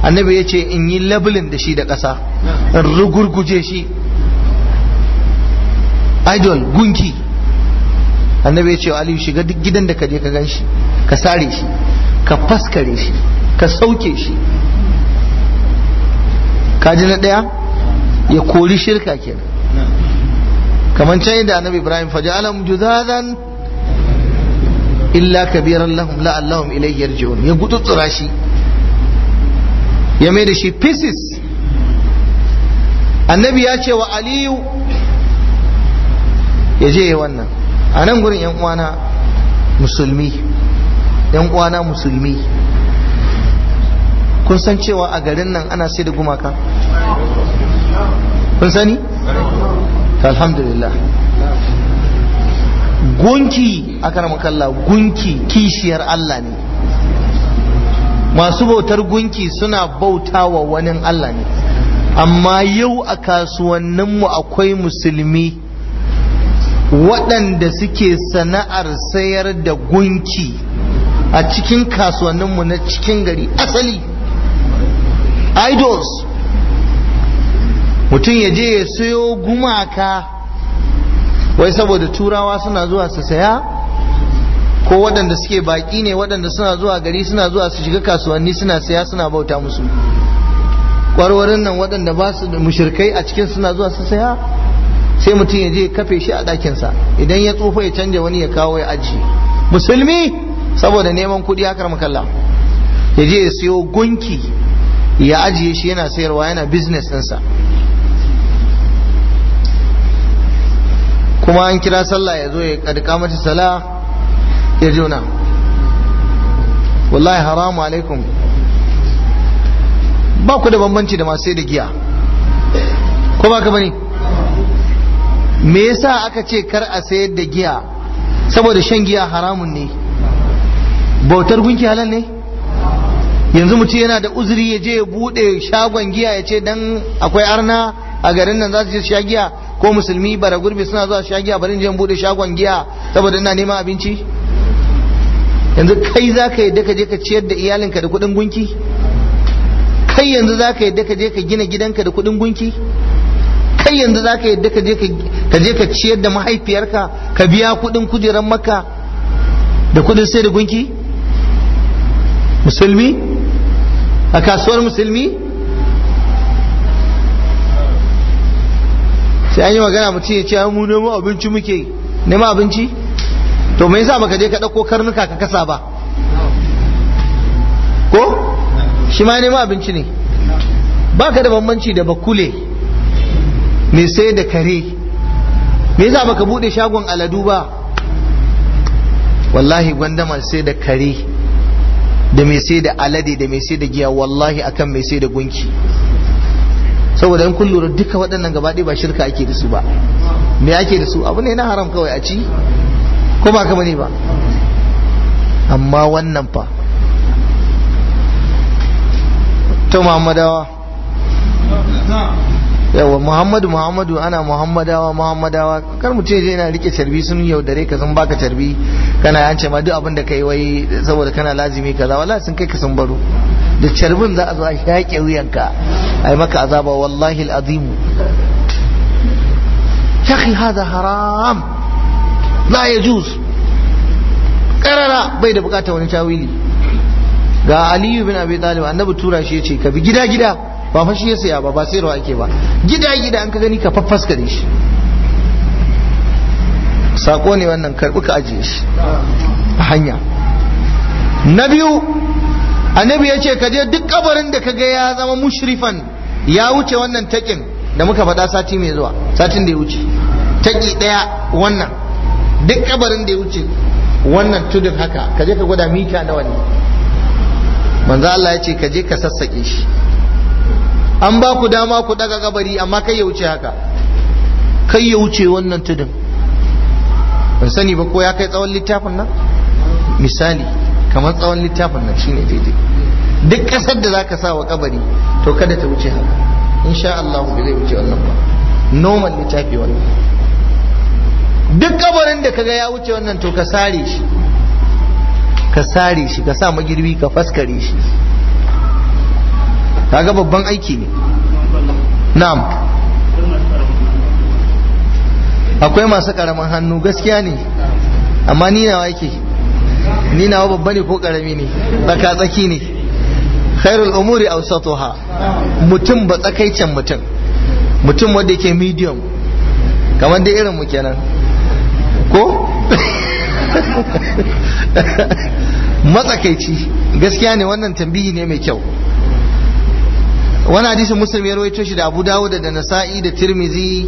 annabi ya ce in yi labulin da shi da ƙasa in rugurguje shi idol gunki annabi ya ce aliyu shiga duk gidan da ka je ka gan shi ka sare shi ka faskare shi ka sauke shi kaji na ɗaya ya kori shirka kenan kamar can da annabi ibrahim faja'alahum illa kabiran lahum la'allahum ilayhi yarji'un ya gudutsura shi ya mai da shi pieces annabi ya ce wa aliyu ya je wannan a nan gurin yan uwana musulmi yan uwana musulmi kun san cewa a garin nan ana sai da gumaka kun sani alhamdulillah gunki a karamakalla gunki kishiyar Allah ne masu bautar gunki suna bauta wa wani Allah ne amma yau a kasuwanninmu akwai musulmi waɗanda suke sana'ar sayar da gunki a cikin kasuwanninmu na cikin gari asali idols mutum ya je ya sayo gumaka wai saboda turawa suna zuwa su saya ko waɗanda suke baƙi ne waɗanda suna zuwa gari suna zuwa su shiga kasuwanni suna saya suna bauta musu kwarwarin nan waɗanda ba su da mushirkai a cikin suna zuwa su saya sai mutum ya je ya kafe shi a ɗakinsa idan ya tsufa ya canja wani ya kawo ya aji musulmi saboda neman kuɗi haka makalla ya je ya siyo gunki ya ajiye shi yana sayarwa yana business ɗinsa kuma an kira sallah ya zo ya ƙadƙa mata sala ya jona wallahi haramu alaikum ba ku da bambanci da masu sai da giya ko ba ka bane me yasa aka ce kar a sayar da giya saboda shan giya haramun ne bautar gunki halal ne yanzu mu ce yana da uzuri ya je ya bude shagon giya ya ce dan akwai arna a garin nan za su je sha giya ko musulmi bara gurbi suna zuwa sha giya bari je bude shagon giya saboda ina neman abinci yanzu kai za ka yadda ka je ka ciyar da iyalinka da kuɗin gunki kai yanzu za ka yadda ka je ka gina gidanka da kuɗin gunki kai yanzu za ka yadda ka je ka ciyar da mahaifiyarka ka biya kuɗin kujerar maka da kuɗin sai da gunki musulmi a kasuwar musulmi sai an yi magana mutum ya ce mu nemo abinci muke nemo abinci to me yasa baka je ka ɗauko karnuka ka kasa ba ko shi ma nemo abinci ne Ba ka da bambanci da bakule mai sai da kare me yasa baka bude shagon aladu ba wallahi gwandamar sai da kare da mai sai da alade da mai sai da giya wallahi akan mai sai da gunki saboda in kun lura duka waɗannan gaba ba shirka ake da su ba me ake da su abu ne na haram kawai a ci ko ba kama ne ba amma wannan fa to Muhammadawa yawa muhammadu muhammadu ana muhammadawa muhammadawa kar mu ce je yana rike carbi sun yaudare ka sun baka carbi kana yance ma duk abin da kai wai saboda kana lazimi kaza wala sun kai ka sun baro da carbin za a zo a shaƙe wuyanka ai maka azaba wallahi al'azimu ya hada haram la ya juz karara bai da bukata wani tawili ga aliyu bin abi talib annabi tura shi ya ce ka bi gida gida ba fa shi ya saya ba ba sayarwa ake ba gida gida an ka gani ka faffaskare shi sako ne wannan karbi ka ajiye shi a hanya na biyu annabi ya ce kaje duk kabarin da ka ga ya zama mushrifan ya wuce wannan takin da muka faɗa sati mai zuwa satin da ya wuce taki ɗaya wannan duk kabarin da ya wuce wannan tudun haka kaje ka gwada mita nawa ne manzo Allah ya ce kaje ka sassake shi an ba ku dama ku daga kabari amma kai ya wuce haka kai ya wuce wannan tudun ban sani ba ko ya kai tsawon littafin nan misali kamar tsawon littafin nan shine daidai duk kasar da zaka sa wa kabari to kada ta wuce haka insha Allah ba zai wuce wannan ba normal littafi wannan duk kabarin da kaga ya wuce wannan to ka sare shi ka sare shi ka sa magirbi ka faskare shi kaga babban aiki ne na'am akwai masu karamin hannu gaskiya ne amma ni nawa yake ni nawa babba ne ko karami ne tsaka tsaki ne khairul umuri awsatuha mutum ba tsakaicen mutum mutum wanda yake medium kamar dai irin mu kenan ko matsakaici gaskiya ne wannan tambihi ne mai kyau wani hadisi muslim ya rawaito shi da abu dawud da nasa'i da tirmizi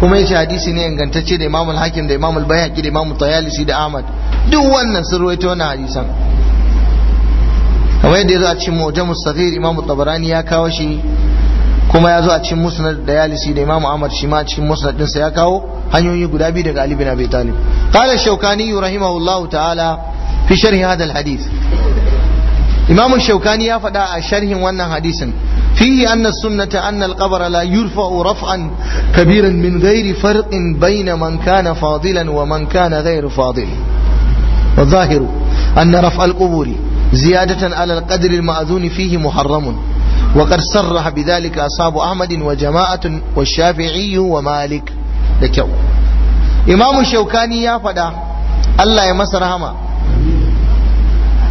kuma yace hadisi ne ingantacce da imamul hakim da imamul bayhaqi da imamul tayalisi da ahmad duk wannan sun rawaito wannan hadisan kamar yadda ya zo a cikin mujamus saghir imamu tabarani ya kawo shi kuma ya zo a cikin musnad da yalisi da imamu ahmad shi ma cikin musnad ɗinsa ya kawo hanyoyi guda biyu daga ali bin abi talib qala shaukani rahimahullahu ta'ala fi sharhi al hadith imamu shaukani ya faɗa a sharhin wannan hadisin فيه أن السنة أن القبر لا يرفع رفعا كبيرا من غير فرق بين من كان فاضلا ومن كان غير فاضل والظاهر أن رفع القبور زيادة على القدر المأذون فيه محرم وقد صرح بذلك أصحاب أحمد وجماعة والشافعي ومالك لكو إمام الشوكاني يا فدا الله يمسر هما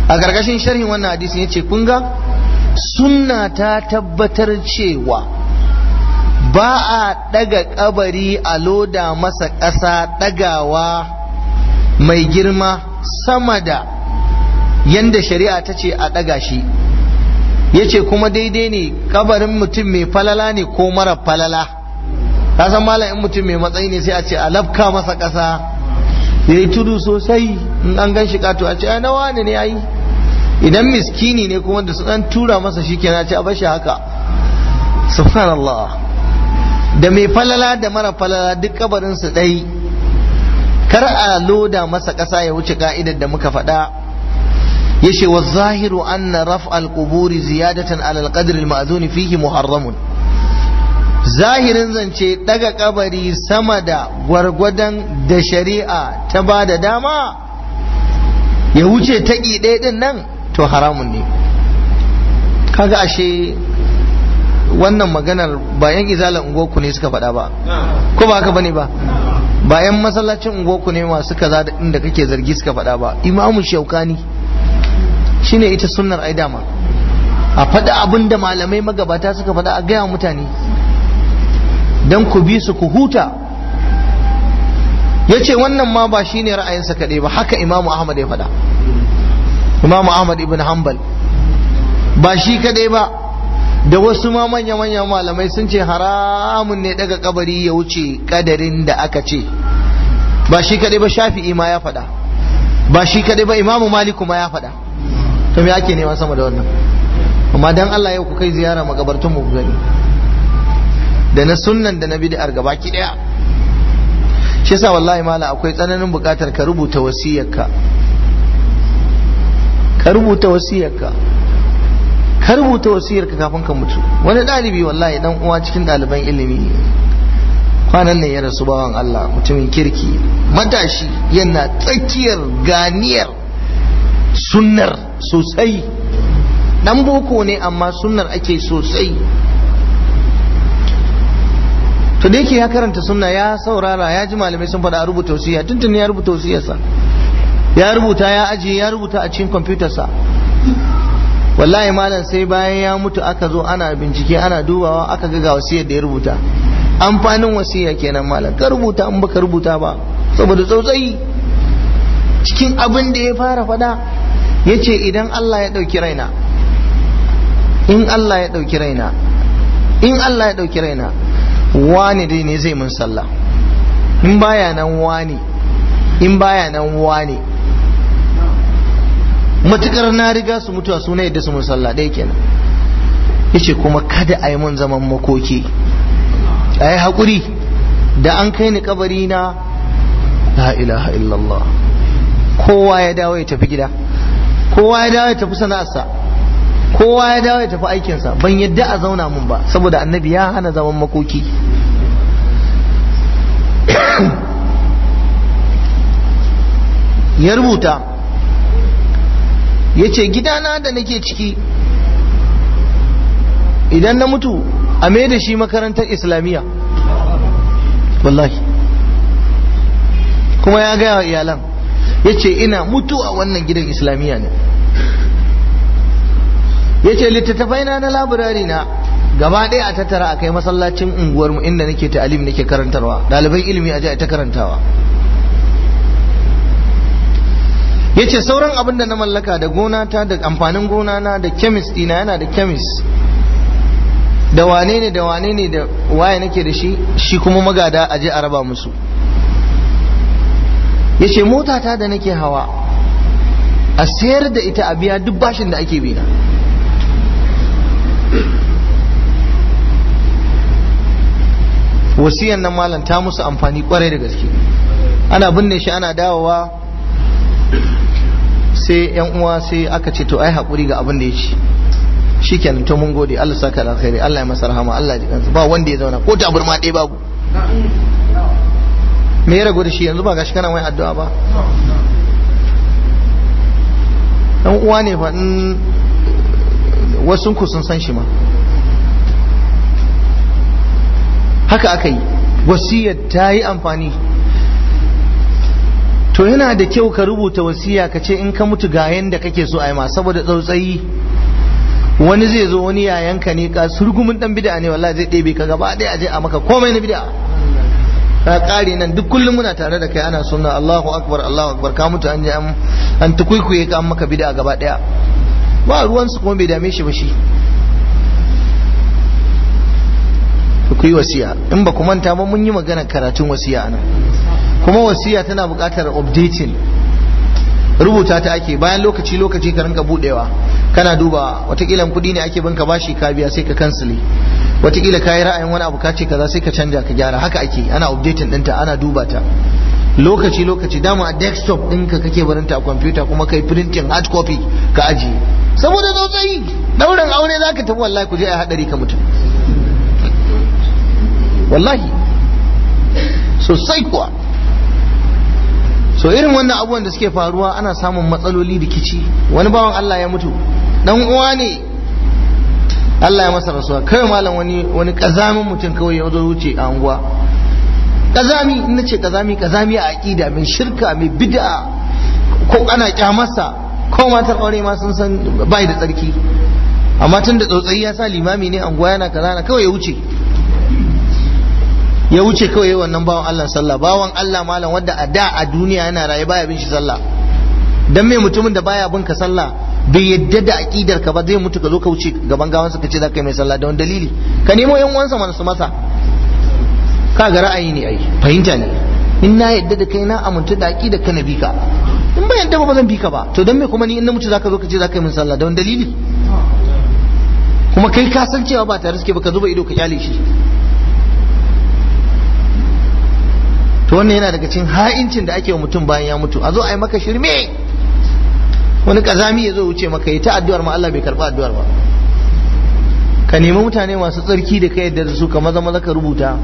أقرقشين شرح وانا حديث يتشي كنغا sunna ta tabbatar cewa ba a daga kabari a loda masa ƙasa dagawa mai girma sama da yanda shari'a ta ce a daga shi ya ce kuma daidai ne kabarin mutum mai falala ne ko mara falala ta san malam in mutum mai matsayi ne sai a ce a labka masa ƙasa ya yi tudu sosai in an gan shi kato a ce a nawa ne ne ya yi idan miskini ne kuma da su dan tura masa shi ke ce a bashi haka subhanallah da mai falala da mara falala duk kabarin su dai kar a loda masa ƙasa ya wuce ka'idar da muka faɗa Ya wa zahiru anna raf'al kuburi ziyadatan ala al-qadr al-ma'zun fihi muharramun zahirin zance daga kabari sama da gwargwadon da shari'a ta ba da dama ya wuce taƙi ɗaya ɗin nan to haramun ne kaga ashe wannan maganar bayan izalar unguwarku ne suka faɗa ba ko ba haka bane ba bayan masallacin unguwarku ne masu kaza da inda kake zargi suka faɗa ba imamu shaukani shine ita sunnar ai dama a faɗa abin malamai magabata suka faɗa a gaya mutane don ku bi su ku huta ya ce wannan ma ba shine ra'ayinsa kaɗai ba haka imamu ahmad ya faɗa imamu ahmad ibn hanbal ba shi kadai ba da wasu ma manya-manya malamai sun ce haramun ne daga kabari ya wuce kadarin da aka ce ba shi kadai ba shafi'i ma ya faɗa ba shi kadai ba imamu maliku ma ya faɗa to me ake neman sama da wannan amma dan Allah yau ku kai ziyara magabartun mu gani da na sunnan da na bid'ar ki daya shi yasa wallahi mala akwai tsananin bukatar ka rubuta wasiyarka ka rubuta wasiyarka ka wasiyarka kafin ka mutu wani ɗalibi wallahi dan uwa cikin ɗaliban ilimi kwanan ne ya rasu bawan Allah mutumin kirki matashi yana tsakiyar ganiyar sunnar sosai dan boko ne amma sunnar ake sosai to da yake ya karanta sunna ya saurara ya ji malamai sun faɗa a rubuta wasiya tuntun ya rubuta wasiyarsa ya rubuta ya ajiye ya rubuta a cikin kwamfutarsa wallahi malam sai bayan ya mutu aka zo ana bincike ana dubawa aka ga wasiyar da ya rubuta amfanin wasiya kenan malam ka rubuta in baka rubuta ba saboda tsautsayi cikin abin da ya fara fada ya ce idan Allah ya ɗauki raina in Allah ya ɗauki raina in Allah ya ɗauki raina wani dai ne zai mun sallah in baya nan wani in baya nan wani matukar na riga su mutuwa suna yadda su mun sallah ɗaya kenan yace kuma kada a yi mun zaman makoki a yi haƙuri da an kai ni kabari na la ilaha illallah kowa ya dawo ya tafi gida kowa ya dawo ya tafi sana'arsa kowa ya dawo ya tafi aikinsa ban yadda a zauna mun ba saboda annabi ya hana zaman makoki ya rubuta ya ce gidana da nake ciki idan na mutu a mai da shi makarantar islamiyya wallahi kuma ya gaya wa iyalan ya ce ina a wannan gidan islamiyya ne ya ce littattafai na na laburare na gaba ɗaya a tattara a kai masallacin unguwarmu inda nake ta'alim nake karantarwa ɗaliban ilimi a ta karantawa ya ce sauran abin da na mallaka da gonata da amfanin gona na da kemis dina yana da kemis da wane ne da wane ne da waye nake da shi shi kuma magada a je a raba musu ya ce motata da nake hawa a sayar da ita a biya duk bashin da ake bina wasiyan nan malam ta musu amfani kwarai da gaske ana binne shi ana dawowa sai yan uwa sai aka ce to ai hakuri ga abin da ya ci shikenan to mun gode Allah saka da alkhairi Allah ya masa rahama Allah ya ba wanda ya zauna ko burma ɗaya babu me ya rago da shi yanzu ba gashi kana mai addu'a ba dan uwa ne fa in wasu ku sun san shi ma haka aka yi wasiyar ta yi amfani to yana da kyau ka rubuta wasiya ka ce in ka mutu ga yanda kake so a ma saboda tsautsayi wani zai zo wani yayanka ne ka surgumin dan bid'a ne wallahi zai ɗebe ka gaba ɗaya aje a maka komai na bid'a ka kare nan duk kullum muna tare da kai ana sunna Allahu akbar Allahu akbar ka mutu an je an tukuikuye ka an maka bid'a gaba ɗaya ba ruwan su kuma bai dame shi ba shi ku yi wasiya in ba ku manta ba mun yi magana karatun wasiya anan kuma wasiya tana buƙatar updating rubuta ta ake bayan lokaci lokaci ka rinka budewa kana duba watakila kuɗi ne ake binka bashi ka biya sai ka kansile watakila kayi ra'ayin wani abu kace kaza sai ka canja ka gyara haka ake ana updating dinta ana duba ta lokaci lokaci dama a desktop ɗinka kake barinta a computer kuma kai printing hard copy ka ajiye saboda tsautsayi ɗaurin aure zaka tafi wallahi ku je a haɗari ka mutum wallahi sosai kuwa so irin wannan abubuwan da suke faruwa ana samun matsaloli rikici wani bawan Allah ya mutu dan uwa ne Allah ya masa rasuwa kai malam wani wani kazamin mutum kawai ya zo wuce a unguwa kazami in nace kazami kazami a aqida mai shirka mai bid'a ko ana kyamarsa ko matar aure ma sun san bai da tsarki amma tun da tsotsayi ya sa limami ne anguwa yana kaza na kawai ya wuce ya wuce kawai yi wannan bawan Allah sallah bawan Allah malam wadda a da a duniya yana raye baya bin shi sallah dan me mutumin da baya bin ka sallah bai yadda da aqidar ka ba zai mutu ka zo ka wuce gaban gawansa ka ce za ka yi mai sallah da wani dalili ka nemo yan uwansa su masa ka ga ra'ayi ne ai fahimta ne in na yadda da kai na amintu da aqidar ka na bi ka in ba yadda ba zan bi ka ba to dan me kuma ni in na mutu zaka zo ka ce zaka yi min sallah da wani dalili kuma kai ka san cewa ba tare suke ba ka zuba ido ka kyale shi to wannan yana daga cikin ha'incin da ake wa mutum bayan ya mutu a zo a yi maka shirme wani kazami ya zo wuce maka yi ta addu'ar ma Allah bai karba addu'ar ba ka nemi mutane masu tsarki da ka yadda da su ka maza maza ka rubuta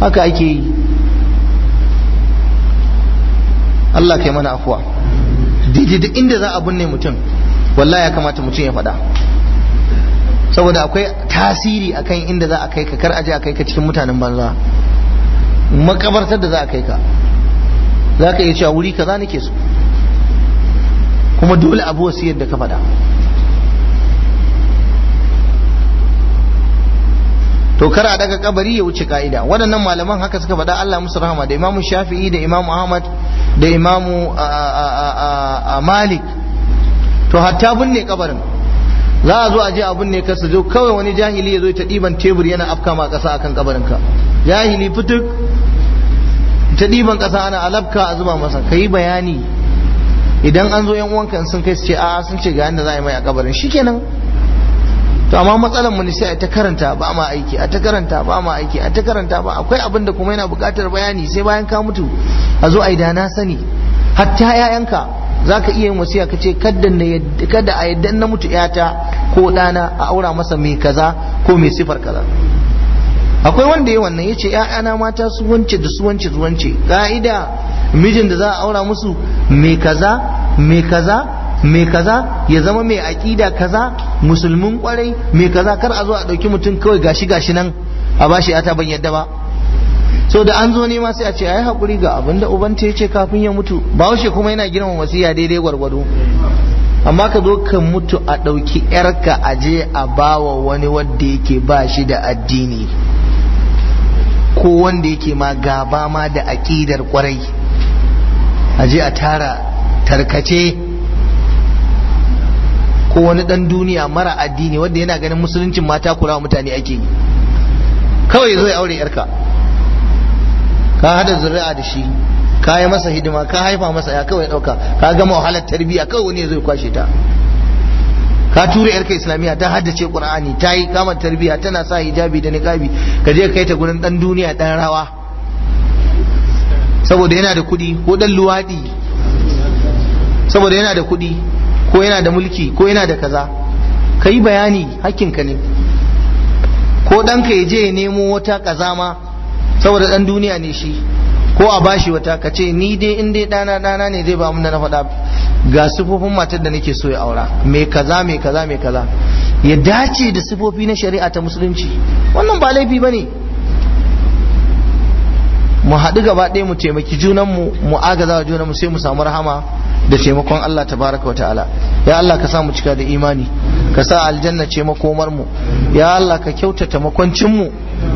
haka ake yi Allah kai mana afuwa duk inda za a binne mutum wallahi ya kamata mutum ya faɗa saboda akwai tasiri akan inda za a kai ka kar aje a kai ka cikin mutanen banza makabartar da za a kai ka za ka iya cewa wuri kaza nake so kuma dole abu wasu yadda ka faɗa to kar a daga kabari ya wuce ka'ida waɗannan malaman haka suka faɗa Allah musu rahama da imamu shafi'i da imamu ahmad da imamu malik to hatta binne kabarin za a zo a je a binne ka su zo kawai wani jahili ya zo ta ɗiban tebur yana afka ma ƙasa akan kabarin ka jahili fituk ta ɗiban ƙasa ana alabka a zuba masa ka yi bayani idan an zo yan uwanka sun kai su ce a sun ce ga yadda za a yi mai a kabarin nan? to amma matsalar mu ne sai a ta karanta ba ma aiki a ta karanta ba ma aiki a ta karanta ba akwai abin da kuma yana buƙatar bayani sai bayan ka mutu a zo a yi da na sani hatta yayanka za ka iya yin wasiya ka ce kada a yadda na mutu yata ko ɗana a aura masa mai kaza ko mai sifar kaza akwai wanda ya wannan yace ƴaƴana mata su wance da su wance su wance ka'ida mijin da za a aura musu me kaza me kaza me kaza ya zama mai aƙida kaza musulmin ƙwarai mai kaza kar a zo a ɗauki mutum kawai gashi gashi nan a bashi ya ban yadda ba so da an zo nema sai a ce ai haƙuri ga abin da ubanta ya ce kafin ya mutu bahaushe kuma yana girma wasiya daidai gwargwado amma ka zo ka mutu a ɗauki 'yarka je a bawa wani wanda yake ba shi da addini ko wanda yake ma gaba ma da aƙidar kwarai a a tara tarkace ko wani ɗan duniya mara addini wanda yana ganin musuluncin mata kula wa mutane ake yi kawai zai aure yarka ka hada zuri'a da shi ka yi masa hidima ka haifa masa ya kawai ɗauka ka gama wahalar tarbiyya kawai wani zai kwashe ta ka tura yarka islamiyya ta haddace qur'ani ta yi kamar tarbiyya tana sa hijabi da niqabi ka je kai ta gurin dan duniya dan rawa saboda yana da kuɗi ko dan luwadi saboda yana da kuɗi ko yana da mulki ko yana da kaza ka yi bayani hakkinka ne ko ɗanka ya je ya nemo wata kazama saboda ɗan duniya ne shi ko a bashi wata ka ce ni dai in dai dana dana ne zai ba mun da na faɗa ga sifofin matar da nake so ya aura me kaza me kaza me kaza ya dace da sifofi na shari'a ta musulunci wannan ba laifi ba mu haɗu gaba ɗaya mu taimaki junanmu mu agaza wa mu sai mu samu rahama da taimakon Allah tabaraka ta'ala ya Allah ka sa mu cika da imani ka sa aljanna ce makomar mu ya Allah ka kyautata makwancin mu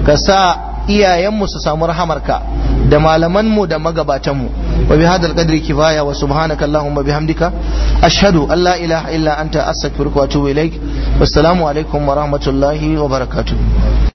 ka sa iyayenmu su samu rahamarka da malamanmu da magabatanmu wa bi hadal qadri kifaya wa subhanaka allahumma bihamdika ashhadu an la ilaha illa anta astaghfiruka wa atubu ilaik wassalamu alaikum wa rahmatullahi wa barakatuh